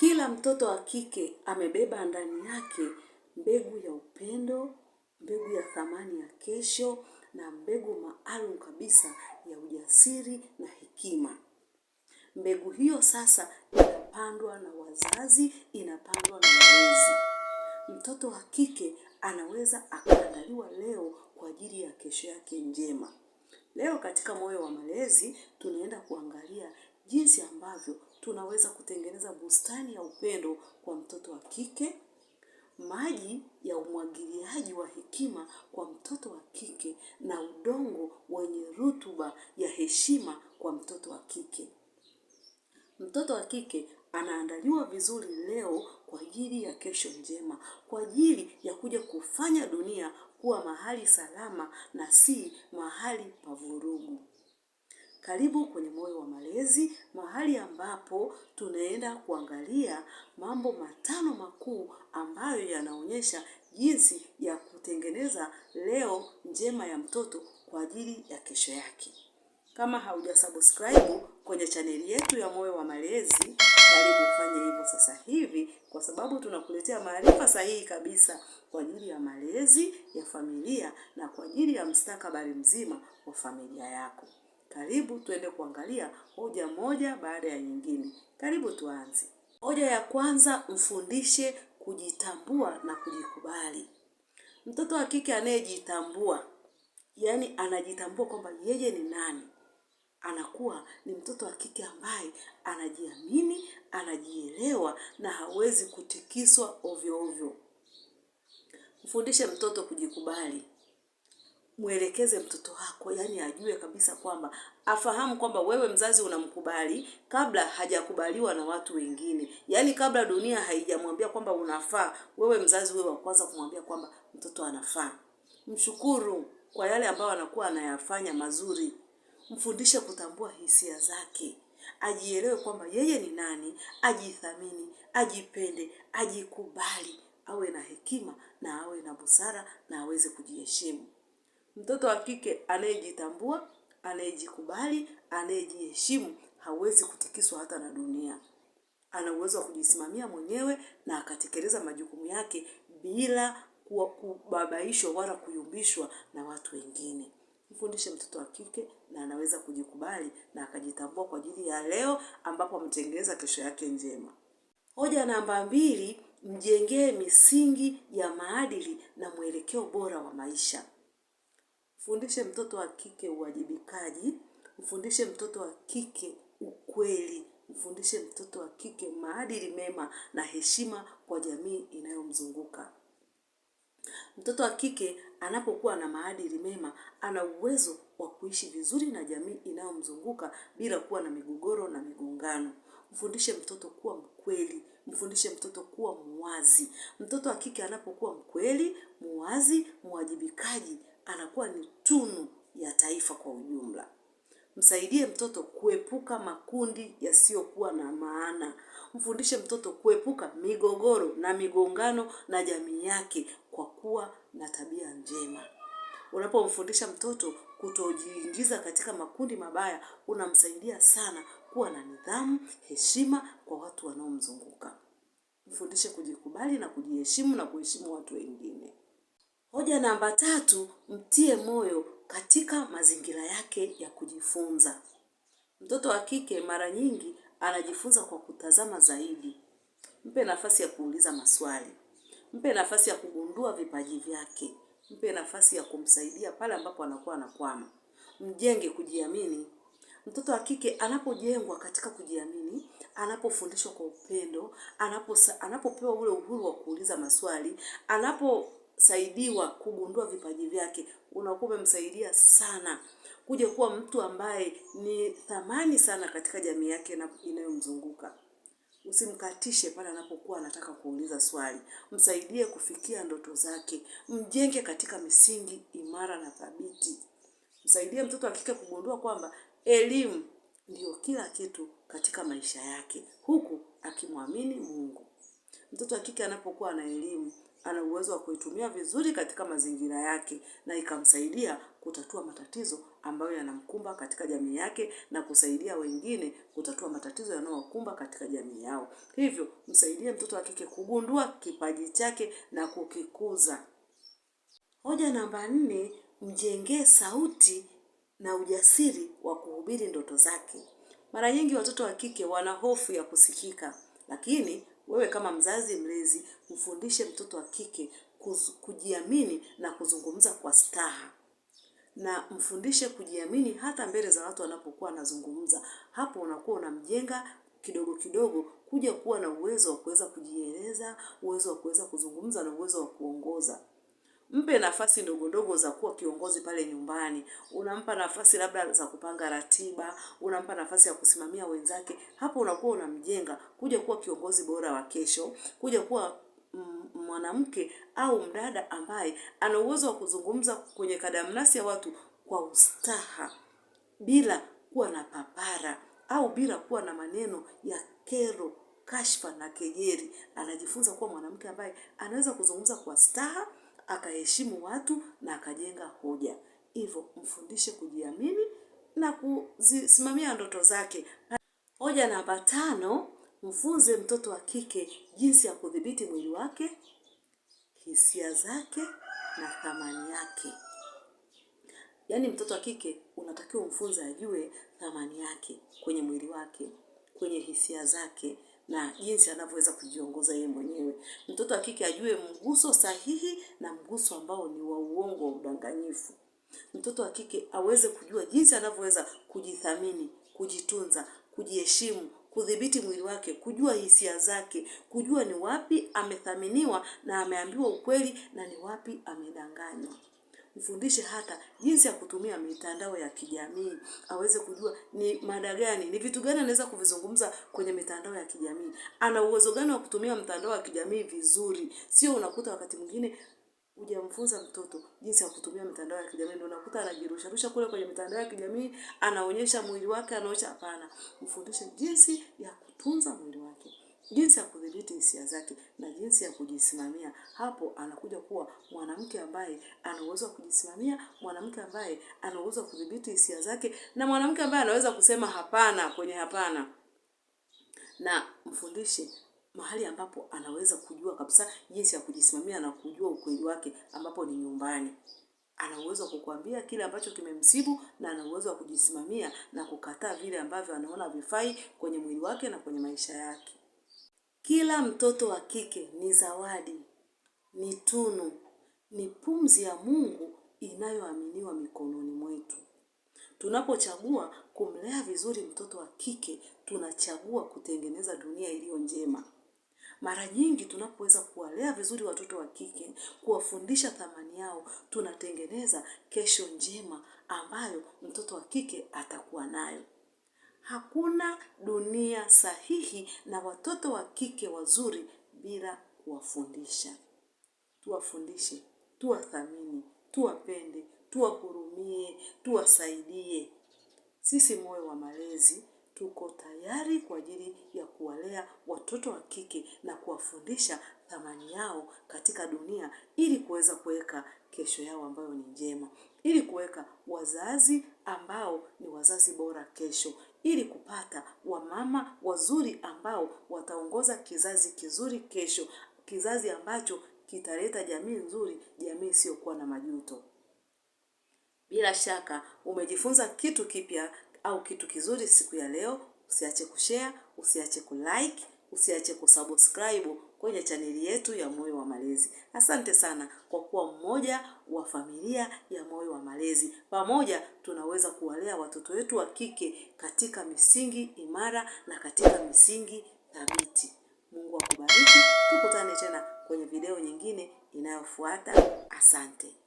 Kila mtoto wa kike amebeba ndani yake mbegu ya upendo, mbegu ya thamani ya kesho na mbegu maalum kabisa ya ujasiri na hekima. Mbegu hiyo sasa inapandwa na wazazi, inapandwa na walezi. Mtoto wa kike anaweza akaandaliwa leo kwa ajili ya kesho yake njema. Leo katika Moyo wa Malezi tunaenda kuangalia jinsi ambavyo tunaweza kutengeneza bustani ya upendo kwa mtoto wa kike, maji ya umwagiliaji wa hekima kwa mtoto wa kike, na udongo wenye rutuba ya heshima kwa mtoto wa kike. Mtoto wa kike anaandaliwa vizuri leo kwa ajili ya kesho njema, kwa ajili ya kuja kufanya dunia kuwa mahali salama na si mahali pa vurugu. Karibu kwenye Moyo wa Malezi, mahali ambapo tunaenda kuangalia mambo matano makuu ambayo yanaonyesha jinsi ya kutengeneza leo njema ya mtoto kwa ajili ya kesho yake. Kama haujasubscribe kwenye chaneli yetu ya Moyo wa Malezi, karibu ufanye hivyo sasa hivi, kwa sababu tunakuletea maarifa sahihi kabisa kwa ajili ya malezi ya familia na kwa ajili ya mstakabali mzima wa familia yako. Karibu tuende kuangalia hoja moja baada ya nyingine. Karibu tuanze. Hoja ya kwanza, mfundishe kujitambua na kujikubali. Mtoto wa kike anayejitambua, yaani anajitambua kwamba yeye ni nani, anakuwa ni mtoto wa kike ambaye anajiamini, anajielewa na hawezi kutikiswa ovyo ovyo. Mfundishe mtoto kujikubali mwelekeze mtoto wako, yani ajue kabisa kwamba afahamu kwamba wewe mzazi unamkubali kabla hajakubaliwa na watu wengine, yani kabla dunia haijamwambia kwamba unafaa, wewe mzazi wewe wa kwanza kumwambia kwamba mtoto anafaa. Mshukuru kwa yale ambayo anakuwa anayafanya mazuri, mfundishe kutambua hisia zake, ajielewe kwamba yeye ni nani, ajithamini, ajipende, ajikubali, awe na hekima na awe na busara na aweze kujiheshimu. Mtoto wa kike anayejitambua, anayejikubali, anayejiheshimu hawezi kutikiswa hata na dunia. Ana uwezo wa kujisimamia mwenyewe na akatekeleza majukumu yake bila kubabaishwa wala kuyumbishwa na watu wengine. Mfundishe mtoto wa kike na anaweza kujikubali na akajitambua kwa ajili ya leo ambapo amtengeleza kesho yake njema. Hoja namba mbili, mjengee misingi ya maadili na mwelekeo bora wa maisha. Mfundishe mtoto wa kike uwajibikaji, mfundishe mtoto wa kike ukweli, mfundishe mtoto wa kike maadili mema na heshima kwa jamii inayomzunguka. Mtoto wa kike anapokuwa na maadili mema, ana uwezo wa kuishi vizuri na jamii inayomzunguka bila kuwa na migogoro na migongano. Mfundishe mtoto kuwa mkweli, mfundishe mtoto kuwa muwazi. Mtoto wa kike anapokuwa mkweli, muwazi, mwajibikaji anakuwa ni tunu ya taifa kwa ujumla. Msaidie mtoto kuepuka makundi yasiyokuwa na maana. Mfundishe mtoto kuepuka migogoro na migongano na jamii yake kwa kuwa na tabia njema. Unapomfundisha mtoto kutojiingiza katika makundi mabaya, unamsaidia sana kuwa na nidhamu, heshima kwa watu wanaomzunguka. Mfundishe kujikubali na kujiheshimu na kuheshimu watu wengine. Hoja namba tatu, mtie moyo katika mazingira yake ya kujifunza. Mtoto wa kike mara nyingi anajifunza kwa kutazama zaidi. Mpe nafasi ya kuuliza maswali, mpe nafasi ya kugundua vipaji vyake, mpe nafasi ya kumsaidia pale ambapo anakuwa anakwama. Mjenge kujiamini. Mtoto wa kike anapojengwa katika kujiamini, anapofundishwa kwa upendo, anapo anapopewa ule uhuru wa kuuliza maswali, anapo saidiwa kugundua vipaji vyake, unakuwa umemsaidia sana kuja kuwa mtu ambaye ni thamani sana katika jamii yake inayomzunguka. Usimkatishe pale anapokuwa anataka kuuliza swali, msaidie kufikia ndoto zake, mjenge katika misingi imara na thabiti. Msaidie mtoto wa kike kugundua kwamba elimu ndiyo kila kitu katika maisha yake, huku akimwamini Mungu. Mtoto wa kike anapokuwa na elimu ana uwezo wa kuitumia vizuri katika mazingira yake na ikamsaidia kutatua matatizo ambayo yanamkumba katika jamii yake na kusaidia wengine kutatua matatizo yanayowakumba katika jamii yao. Hivyo msaidie mtoto wa kike kugundua kipaji chake na kukikuza. Hoja namba nne, mjengee sauti na ujasiri wa kuhubiri ndoto zake. Mara nyingi watoto wa kike wana hofu ya kusikika, lakini wewe kama mzazi mlezi, mfundishe mtoto wa kike kujiamini na kuzungumza kwa staha, na mfundishe kujiamini hata mbele za watu wanapokuwa anazungumza. Hapo unakuwa unamjenga kidogo kidogo kuja kuwa na uwezo wa kuweza kujieleza, uwezo wa kuweza kuzungumza na uwezo wa kuongoza. Mpe nafasi ndogo ndogo za kuwa kiongozi pale nyumbani. Unampa nafasi labda za kupanga ratiba, unampa nafasi ya kusimamia wenzake. Hapo unakuwa unamjenga kuja kuwa kiongozi bora wa kesho, kuja kuwa mwanamke au mdada ambaye ana uwezo wa kuzungumza kwenye kadamnasi ya watu kwa ustaha bila kuwa na papara au bila kuwa na maneno ya kero, kashfa na kejeri. Anajifunza kuwa mwanamke ambaye anaweza kuzungumza kwa staha akaheshimu watu na akajenga hoja. Hivyo mfundishe kujiamini na kuzisimamia ndoto zake. Hoja namba tano, mfunze mtoto wa kike jinsi ya kudhibiti mwili wake, hisia zake na thamani yake. Yaani mtoto wa kike unatakiwa umfunze ajue thamani yake kwenye mwili wake, kwenye hisia zake na jinsi anavyoweza kujiongoza yeye mwenyewe. Mtoto wa kike ajue mguso sahihi na mguso ambao ni wa uongo wa udanganyifu. Mtoto wa kike aweze kujua jinsi anavyoweza kujithamini, kujitunza, kujiheshimu, kudhibiti mwili wake, kujua hisia zake, kujua ni wapi amethaminiwa na ameambiwa ukweli na ni wapi amedanganywa mfundishe hata jinsi ya kutumia mitandao ya kijamii, aweze kujua ni mada gani, ni vitu gani anaweza kuvizungumza kwenye mitandao ya kijamii, ana uwezo gani wa kutumia mtandao wa kijamii vizuri. Sio unakuta wakati mwingine hujamfunza mtoto jinsi ya kutumia mitandao ya kijamii ndio unakuta anajirusharusha kule kwenye mitandao ya kijamii, anaonyesha mwili wake, anaonyesha. Hapana, mfundishe jinsi ya kutunza mwili wake jinsi ya kudhibiti hisia zake na jinsi ya kujisimamia. Hapo anakuja kuwa mwanamke ambaye ana uwezo wa kujisimamia, mwanamke ambaye ana uwezo wa kudhibiti hisia zake, na mwanamke ambaye anaweza kusema hapana kwenye hapana, na mfundishe mahali ambapo anaweza kujua kabisa jinsi ya kujisimamia na kujua ukweli wake, ambapo ni nyumbani ana uwezo wa kukuambia kile ambacho kimemsibu na ana uwezo wa kujisimamia na kukataa vile ambavyo anaona vifai kwenye mwili wake na kwenye maisha yake. Kila mtoto wa kike ni zawadi, ni tunu, ni pumzi ya Mungu inayoaminiwa mikononi mwetu. Tunapochagua kumlea vizuri mtoto wa kike, tunachagua kutengeneza dunia iliyo njema. Mara nyingi tunapoweza kuwalea vizuri watoto wa kike, kuwafundisha thamani yao, tunatengeneza kesho njema ambayo mtoto wa kike atakuwa nayo. Hakuna dunia sahihi na watoto wa kike wazuri bila kuwafundisha. Tuwafundishe, tuwathamini, tuwapende, tuwahurumie, tuwasaidie. Sisi Moyo wa Malezi tuko tayari kwa ajili watoto wa kike na kuwafundisha thamani yao katika dunia ili kuweza kuweka kesho yao ambayo ni njema, ili kuweka wazazi ambao ni wazazi bora kesho, ili kupata wamama wazuri ambao wataongoza kizazi kizuri kesho, kizazi ambacho kitaleta jamii nzuri, jamii isiyokuwa na majuto. Bila shaka umejifunza kitu kipya au kitu kizuri siku ya leo. Usiache kushare, usiache kulike usiache kusubscribe kwenye chaneli yetu ya Moyo wa Malezi. Asante sana kwa kuwa mmoja wa familia ya Moyo wa Malezi. Pamoja tunaweza kuwalea watoto wetu wa kike katika misingi imara na katika misingi thabiti. Mungu akubariki. Tukutane tena kwenye video nyingine inayofuata. Asante.